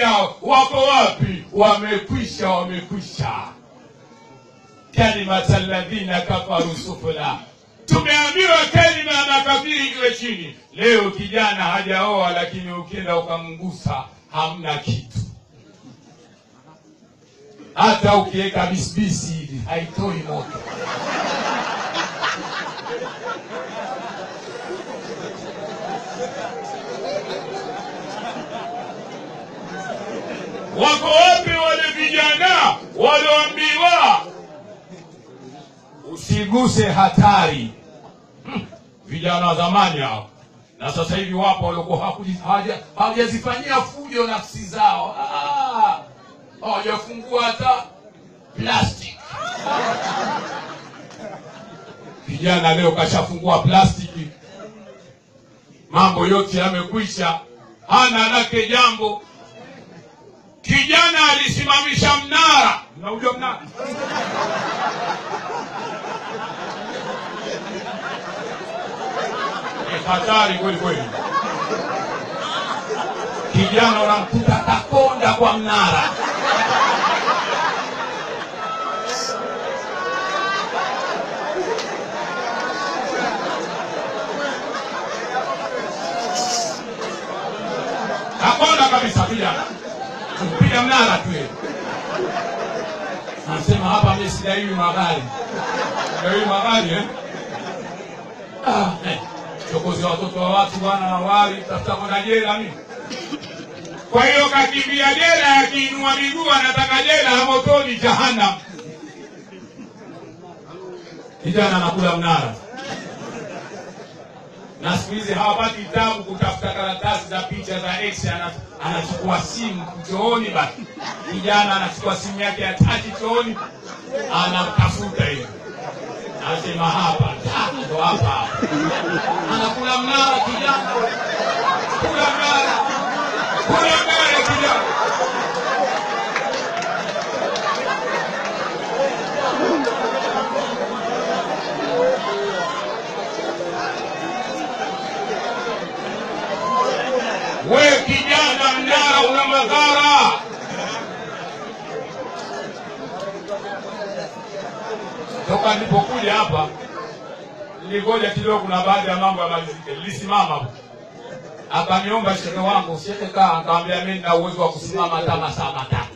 yao wako wapi? Wamekwisha, wamekwisha. Kalimata alladhina kafaru sufla, tumeambiwa kalima ya makafiri iwe chini. Leo kijana hajaoa, lakini ukienda ukamgusa hamna kitu. Hata ukiweka bisibisi hivi haitoi moto. Wako wapi wale vijana walioambiwa usiguse hatari? Hmm, vijana wa zamani hao na sasa hivi wapo waliokuwa hawajazifanyia fujo nafsi zao, ah, hawajafungua hata plastic. vijana leo kashafungua plastiki, mambo yote yamekwisha, hana lake jambo kusimamisha mnara. Mnaujua mnara? Eh, hatari kweli kweli. Kijana unamkuta takonda kwa mnara. Takonda kabisa kijana kupiga mnara tu anasema hapa mimi sidaiwi magari daiwi magari eh? Ah, eh. chokozi watoto wa watu bwana wali tafuta kwa jela mimi kwa hiyo kakimbia jela akiinua miguu anataka jela ya motoni jahannam kijana anakula mnara na siku hizi hawapati tabu kutafuta karatasi za picha za ex, anachukua simu chooni. Basi kijana anachukua simu yake ya tati chooni, anatafuta hivi, anasema hapa ndo hapa, anakula mnara Wewe kijana mnara una madhara. Toka nilipokuja hapa niligoja kidogo, na baadhi ya mambo yamalizike, nilisimama akaniomba shehe wangu, shehe kaa, akamwambia mimi nina uwezo wa kusimama hata masaa matatu